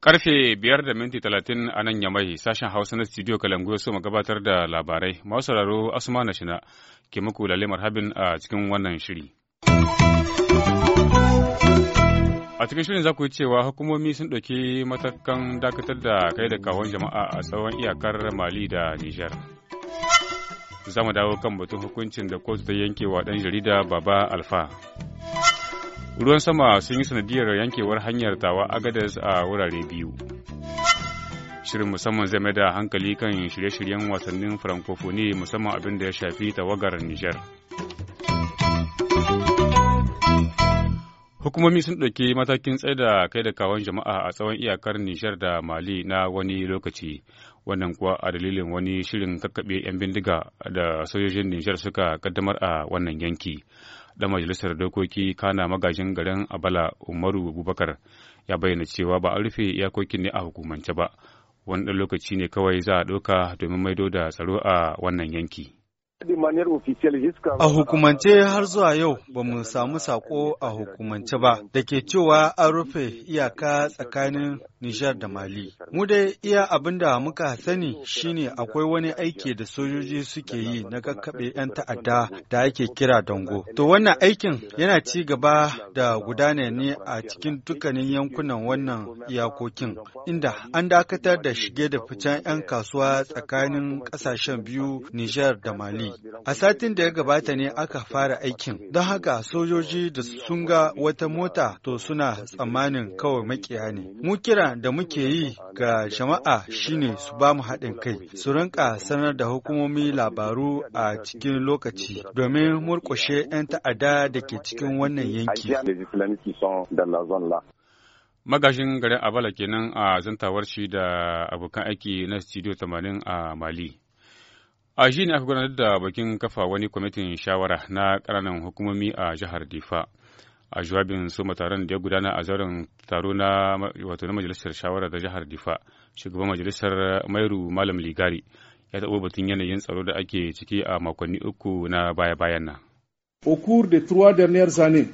Karfe biyar da minti talatin a nan yamai sashen Hausa na studio Kalangu ya so mu gabatar da labarai. Masu sauraro Asuma na shina ke muku lalle marhabin a cikin wannan shiri. A cikin shirin za ku yi cewa hukumomi sun ɗauki matakan dakatar da kai da kawon jama'a a tsawon iyakar Mali da Nijar. Za mu dawo kan batun hukuncin da kotu ta yanke wa ɗan jarida Baba Alfa. Ruwan sama sun yi sanadiyar yankewar hanyar tawa Agadez a wurare biyu. Shirin musamman zai mai da hankali kan shirye-shiryen wasannin Francophonie musamman abin da ya shafi tawagar Nijar. Hukumomi sun ɗauki matakin tsaida kai da kawon jama'a a tsawon iyakar Nijar da Mali na wani lokaci, wannan kuwa a dalilin wani shirin kakkaɓe 'yan bindiga da sojojin Nijar suka kaddamar a wannan yanki. Da majalisar dokoki kana magajin garin Abala Umaru Abubakar ya bayyana cewa ba a rufe iyakokin ne a hukumance ba, wani lokaci ne kawai za a ɗauka domin maido da tsaro a wannan yanki. A hukumance har zuwa yau ba mu samu sako a hukumance ba da ke cewa an rufe iyaka tsakanin Nijar da Mali. Mu dai iya abin da muka sani shine akwai wani aiki da sojoji suke yi na kakkaɓe 'yan ta'adda da ake kira dango. To wannan aikin yana ci gaba da gudana ne a cikin dukkanin yankunan wannan iyakokin inda an dakatar da shige da ficen 'yan kasuwa tsakanin ƙasashen biyu Nijar da Mali. yi. A satin da ya gabata ne aka fara aikin, don haka sojoji da sun ga wata mota to suna tsammanin kawai makiya ne. Mu kira da muke yi ga jama'a shine su ba mu haɗin kai, su rinka sanar da hukumomi labaru a cikin lokaci domin murƙushe 'yan ta'adda da ke cikin wannan yanki. Magashin garin Abala kenan a zantawar shi da abokan aiki na Studio 80 a Mali. A shi ne aka gudanar da bakin kafa wani kwamitin shawara na ƙananan hukumomi a jihar Difa. A jawabin suma taron da ya gudana a zauren taro na wato na majalisar shawara da jihar Difa, shugaban majalisar Mairu Malam Ligari ya taɓa batun yanayin tsaro da ake ciki a makonni uku na baya-bayan nan.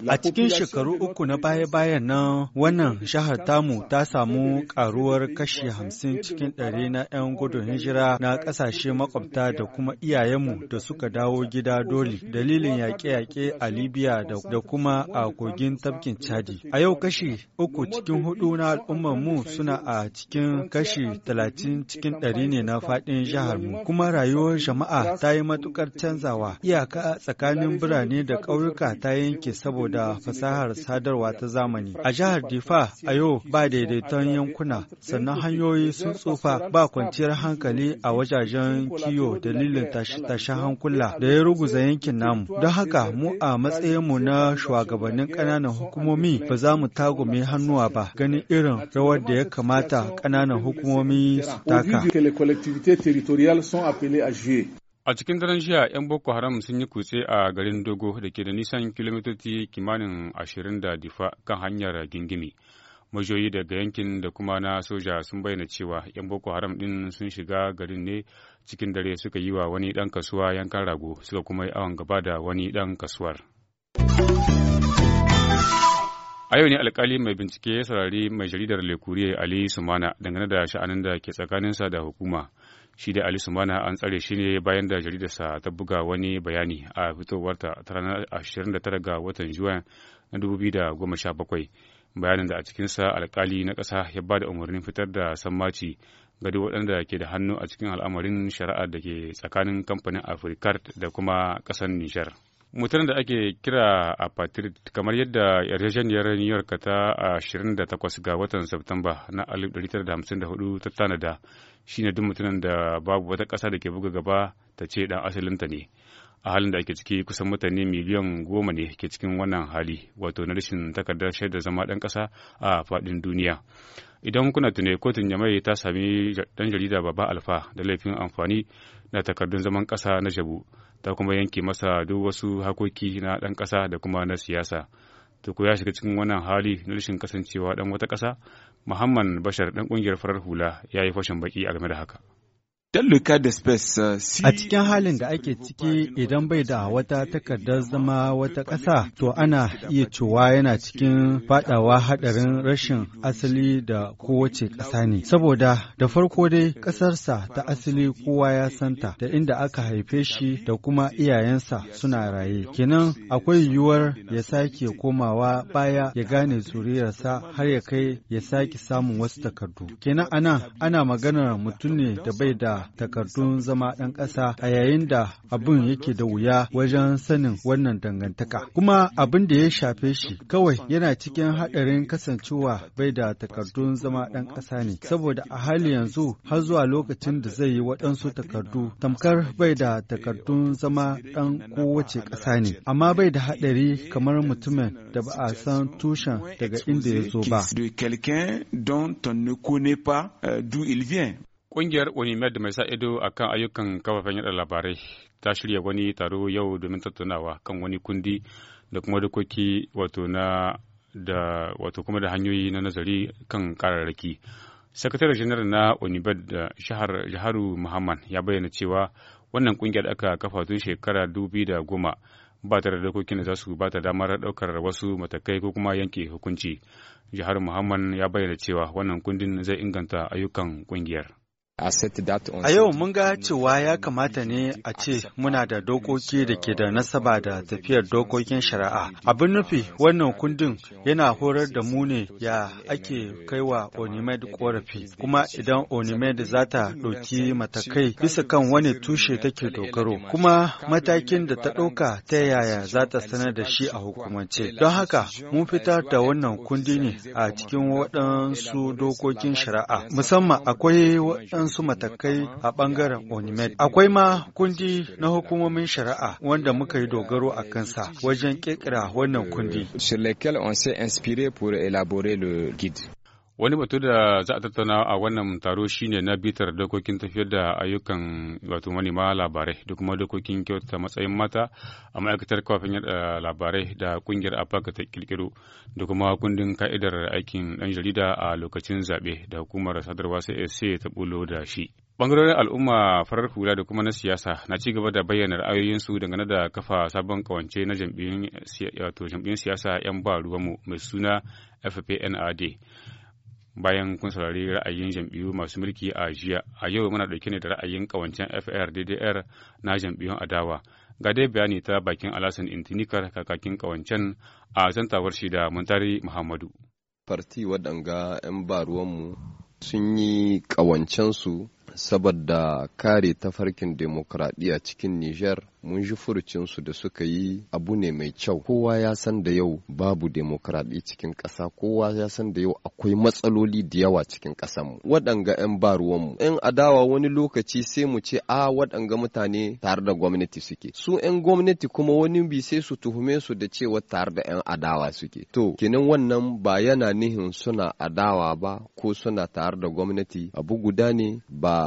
A cikin shekaru uku na baya-bayan nan wannan jihar tamu ta samu karuwar kashi hamsin cikin ɗari na 'yan gudun hijira na ƙasashe makwabta da kuma iyayenmu da suka dawo gida dole dalilin yaƙe-yaƙe a Libya da kuma a kogin tafkin Chadi. A yau kashi uku cikin hudu na al'ummarmu suna a cikin kashi talatin cikin ɗari ne na faɗin mu, kuma rayuwar jama'a ta yi matuƙar canzawa iyaka tsakanin birane ne da ƙauyuka ta yanke saboda fasahar sadarwa ta zamani. A jihar Difa a yau ba daidaiton yankuna, sannan hanyoyi sun tsufa ba kwanciyar hankali a wajajen kiyo dalilin tashe hankula da ya ruguza yankin namu. Don haka mu a matsayinmu na shugabannin ƙananan hukumomi ba za mu tagume hannuwa ba ganin irin rawar da ya kamata ƙananan hukumomi su taka. A cikin daren jiya, 'yan Boko Haram sun yi kutse a garin Dogo da ke da nisan kilomitoci kimanin ashirin da difa kan hanyar gingimi. Majoyi daga yankin da kuma na soja sun bayyana cewa 'yan Boko Haram ɗin sun shiga garin ne cikin dare suka yi wa wani ɗan kasuwa yankan rago suka kuma yi awon gaba da wani ɗan kasuwar. A yau ne alkali mai bincike ya saurari mai jaridar Lekuriya Ali Sumana dangane da sha'anin da ke tsakaninsa da hukuma. shi dai ali sumana an tsare shi ne bayan da jaridarsa ta buga wani bayani a fitowarta ta ranar 29 ga watan juwan na 2017 bayanin da a cikinsa alkali na ƙasa ya ba da umarnin fitar da sammaci ga duk waɗanda ke da hannu a cikin al'amarin shari'a da ke tsakanin kamfanin afirkar da kuma ƙasar nijar. mutanen da ake kira a patrick kamar yadda yarjejeniyar new york ta 28 ga watan Satumba na 1954 ta tanada shine duk mutanen da babu wata ƙasa da ke buga gaba ta ce dan asalinta ne a halin da ake ciki kusan mutane miliyan goma ne ke cikin wannan hali wato na rashin takardar shaidar zama dan ƙasa a faɗin duniya idan kuna tune kotun yamai ta sami ɗan jarida baba alfa da laifin amfani da takardun zaman ƙasa na jabu ta kuma yanke masa duk wasu hakoki na ɗan ƙasa da kuma na siyasa to ku ya shiga cikin wannan hali na rashin kasancewa ɗan wata ƙasa muhammad bashar ɗan ƙungiyar farar hula ya yi fashin baƙi a game da haka Euh, A cikin halin da ake ciki idan bai da wata takardar zama wata ƙasa, to ana iya cewa yana cikin fadawa haɗarin rashin asali da kowace ƙasa ne. Saboda da farko dai ƙasarsa ta asali kowa ya santa da inda aka haife shi da kuma iyayensa suna raye. Kenan akwai yiwuwar ya sake komawa baya ya gane zuriyarsa har ya kai ya sake samun wasu takardu. Kenan ana ana maganar mutum ne da bai da takardun zama ɗan ƙasa a yayin da abin yake da wuya wajen sanin wannan dangantaka. Kuma abin da ya shafe shi kawai yana cikin haɗarin kasancewa bai da takardun zama ɗan ƙasa ne, saboda a hali yanzu har zuwa lokacin da zai yi waɗansu takardu tamkar bai da takardun zama ɗan kowace ƙasa ne, amma bai da haɗari kamar mutumin da ba a san tushen daga inda ya zo ba. Ƙungiyar Unimed mai sa ido a kan ayyukan kafafen yada labarai ta shirya wani taro yau domin tattaunawa kan wani kundi da kuma dokoki wato na da wato kuma da hanyoyi na nazari kan kararraki. Sakataren janar na Unimed da shahar Jaharu Muhammad ya bayyana cewa wannan kungiyar aka kafa tun shekara dubi da goma ba ta da dokokin da za su ba ta damar ɗaukar wasu matakai ko kuma yanke hukunci. Jihar Muhammad ya bayyana cewa wannan kundin zai inganta ayyukan ƙungiyar. A yau mun ga cewa ya kamata ne a ce muna da dokoki da ke da nasaba da tafiyar dokokin shari'a. Abin nufi wannan kundin yana horar da mu ne ya ake kaiwa Onimed korafi, kuma idan Onimed za ta ɗauki matakai bisa kan wani tushe take dogaro, kuma matakin da ta ɗauka ta yaya za ta sanar da shi a hukumance. Don haka mun fitar da wannan kundi ne a cikin waɗansu dokokin shari'a, musamman akwai waɗansu matakai a ɓangaren onimet Akwai ma kundi na hukumomin shari'a wanda muka yi dogaro a kansa wajen ƙirƙira wannan kundi. Sur lesquels on s'est inspiré pour élaborer le guide. Wani batu da za a tattauna a wannan taro shine na bitar dokokin tafiyar da ayyukan wato manema labarai da kuma dokokin kyautata matsayin mata a ma'aikatar kafin yada labarai da kungiyar Afirka ta kirkiro da kuma kundin ka'idar aikin ɗan jarida a lokacin zaɓe da hukumar sadarwa sai ta bulo da shi. Bangarorin al'umma farar hula da kuma na siyasa na ci gaba da bayyana ra'ayoyinsu dangane da kafa sabon kawance na jam'iyyun siyasa 'yan ba ruwanmu mai suna FPNRD. bayan kun saurari ra'ayin jam'iyyu masu mulki a jiya a yau muna ɗauke ne da ra'ayin kawancen fr na jam'iyyun adawa ga dai bayani ta bakin alasan intinikar kakakin kawancen a zantawar shi da muntari muhammadu farti waɗanga 'yan baruwan mu sun yi ƙawancensu saboda kare tafarkin demokradiyya cikin Nijar mun ji furucinsu da suka yi abu ne mai kyau kowa ya san da yau babu demokradi cikin ƙasa kowa ya san da yau akwai matsaloli da yawa cikin ƙasanmu waɗanga 'yan ba ruwanmu 'yan adawa wani lokaci sai mu ce a waɗanga mutane tare da gwamnati suke su 'yan gwamnati kuma wani bi sai su tuhume su da cewa tare da 'yan adawa suke to kenan wannan ba yana nihin suna adawa ba ko suna tare da gwamnati abu guda ne ba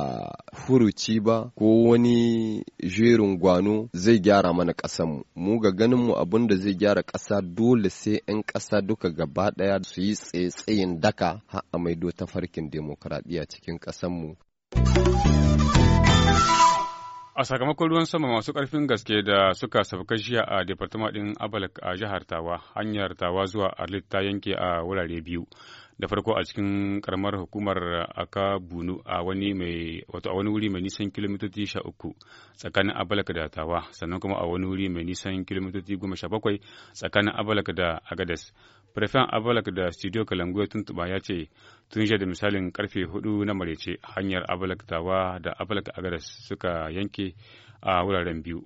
furuci ba ko wani jerin gwano zai gyara mana ƙasanmu. Mu ga ganin mu abin da zai gyara ƙasa dole sai 'yan ƙasa duka gaba ɗaya su yi tsaye-tsayin daka har a maido tafarkin demokuraɗiyya cikin ƙasanmu. A sakamakon ruwan sama masu ƙarfin gaske da suka sauka jiya a departama ɗin Abalak a jihar Tawa, hanyar Tawa zuwa Arlit ta yanke a wurare biyu. da farko a cikin karamar hukumar aka bunu a wani mai wato a wani wuri mai nisan kilomitoci 13 uku tsakanin abalaka da tawa sannan kuma a wani wuri mai nisan kilomitoci goma sha bakwai tsakanin abalaka da agadas prefen abalaka da studio kalangu ya tuntuba ya ce tun da misalin karfe hudu na marece hanyar abalaka tawa da abalaka agadas suka yanke a wuraren biyu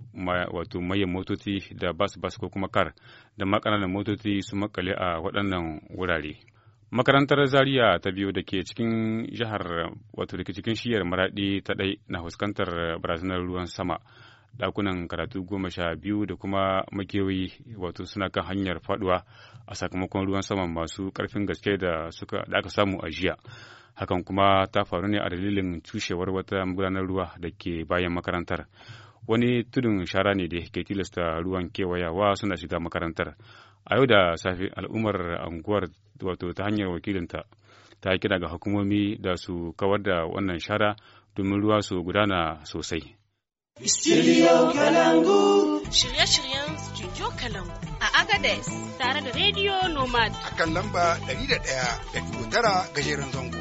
wato mayan motoci da bas bas ko kuma kar da makananan motoci su makale a waɗannan wurare. makarantar zaria ta biyu da ke cikin jihar wato da ke cikin shiyar maraɗi ta ɗai na fuskantar barazanar ruwan sama ɗakunan karatu goma sha biyu da kuma makewi wato suna kan hanyar faduwa a sakamakon ruwan sama masu ƙarfin gaske da suka da aka samu a jiya hakan kuma ta faru ne a dalilin cushewar wata gudanar ruwa da ke bayan makarantar wani tudun shara ne da ke tilasta ruwan kewayawa suna shiga makarantar a yau da safe al'ummar anguwar wato ta hanyar wakilinta ta kira ga hukumomi da su kawar da wannan shara domin ruwa su gudana sosai. Shirye-shiryen Studio Kalangu a Agades tare da Radio Nomad. A kan lamba 101.9 gajeren zango.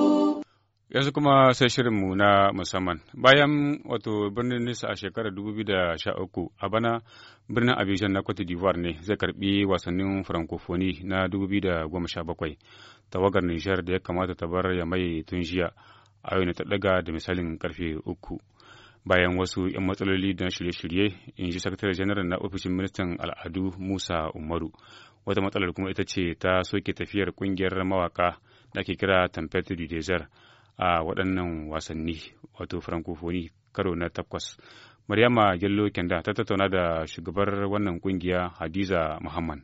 yanzu kuma sai shirinmu na musamman bayan wato birnin nisa a shekarar 2013 a bana birnin abijan na cote d'ivoire ne zai karbi wasannin francophonie na 2017 tawagar nijar da ya kamata ta bar ya mai tun jiya a yau ta daga da misalin karfe uku bayan wasu 'yan matsaloli da shirye-shirye in ji sakatare janar na ofishin ministan al'adu musa umaru wata matsalar kuma ita ce ta soke tafiyar kungiyar mawaka da ake kira tempete du desert a waɗannan wasanni wato francophonie karo na takwas maryama jallo kenda ta tattauna da shugabar wannan kungiya hadiza muhammad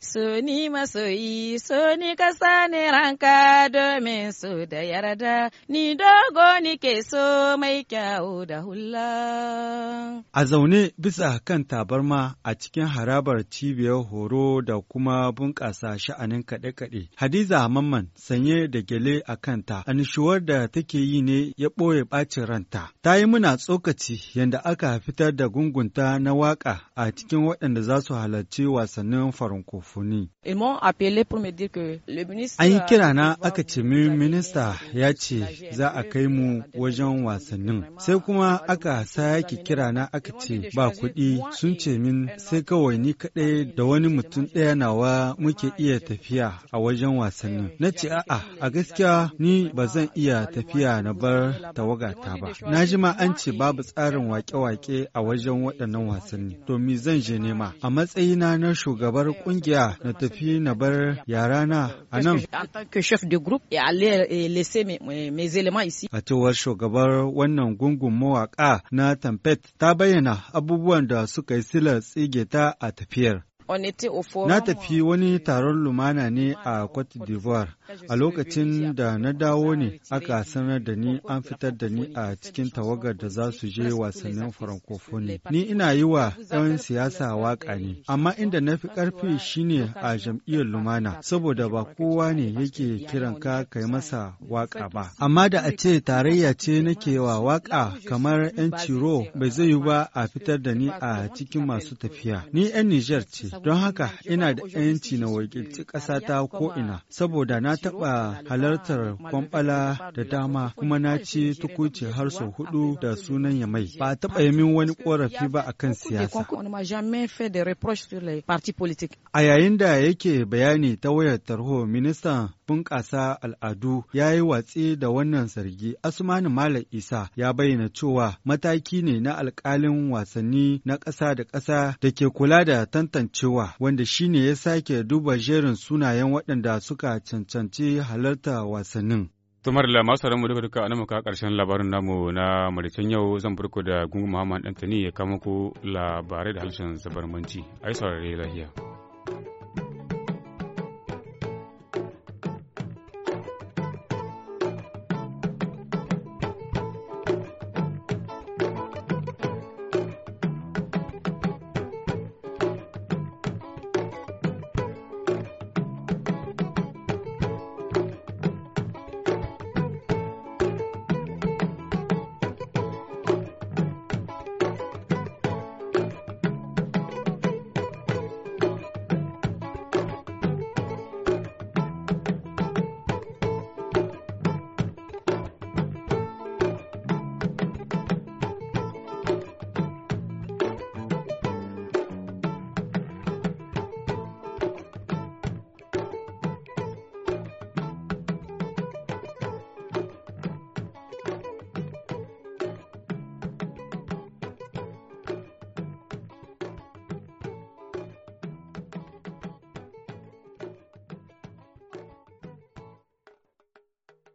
Suni masoyi, suni kasa ne ranka domin su da yarda, ni dogo ni ke so mai kyawu da hula. A zaune bisa kan tabarma a cikin harabar cibiyar horo da kuma bunƙasa sha'anin kaɗe-kaɗe. Hadiza Mamman sanye da gele a kanta, anishuwar da take yi ne ya ɓoye ɓacin ranta. Ta yi muna tsokaci yadda aka fitar da gungunta na waƙa a cikin waɗanda za su halarci wasannin farinko. francophonie. An yi kira na aka ce min minista ya ce za a e kai mu wajen wasannin. Sai kuma aka sake kira na aka ce ba kuɗi sun ce min sai kawai ni kaɗai da wani mutum ɗaya nawa muke iya tafiya a wajen wasannin. Na ce a'a a gaskiya ni ba zan iya tafiya na bar tawagata ba. Na ji ma an ce babu tsarin wake-wake a wajen waɗannan wasanni. To me zan je nema? A matsayina na shugabar ƙungiyar tafiya na tafi na bar yarana a nan. A cewar shugabar wannan gungun mawaƙa na Tampet ta bayyana abubuwan da suka yi silar tsige ta a tafiyar. Na tafi euh, wani taron lumana ne a Cote d'Ivoire. A lokacin da na dawo ne aka sanar da ni an fitar da ni a cikin tawagar da za su je wasannin farankofoni. Ni ina yi wa 'yan siyasa waƙa ne, amma inda na fi ƙarfi shine a jam'iyyar lumana, saboda ba kowa ne yake kiran ka kai masa waƙa ba. Amma da a ce tarayya ce nake wa waƙa kamar 'yan ciro bai zai yi ba a fitar da ni a cikin masu tafiya. Ni 'yan Nijar ce, Don haka ina da 'yanci na wakilci ta ko'ina, saboda na taɓa halartar kwamfala da dama kuma na ci tukunci har sau hudu da sunan ya mai, Ba a taɓa yi min wani ƙorafi ba a kan siyasa. A yayin da yake bayani ta wayar tarho, ministan bunƙasa al'adu ya yi watsi da wannan zargi. Asmanu Malam Isa ya bayyana cewa mataki ne na alƙalin wasanni na ƙasa da ƙasa da ke kula da tantance cewa wanda shine ya sake duba jerin sunayen waɗanda suka cancanci halarta wasannin. tumar la masu mu duka duka anamu ka karshen labarin namu na maricin yau zan farko da gungun muhammad Ɗantani ya kama ku labarai da halshen zabarmanci ai saurare lahiya.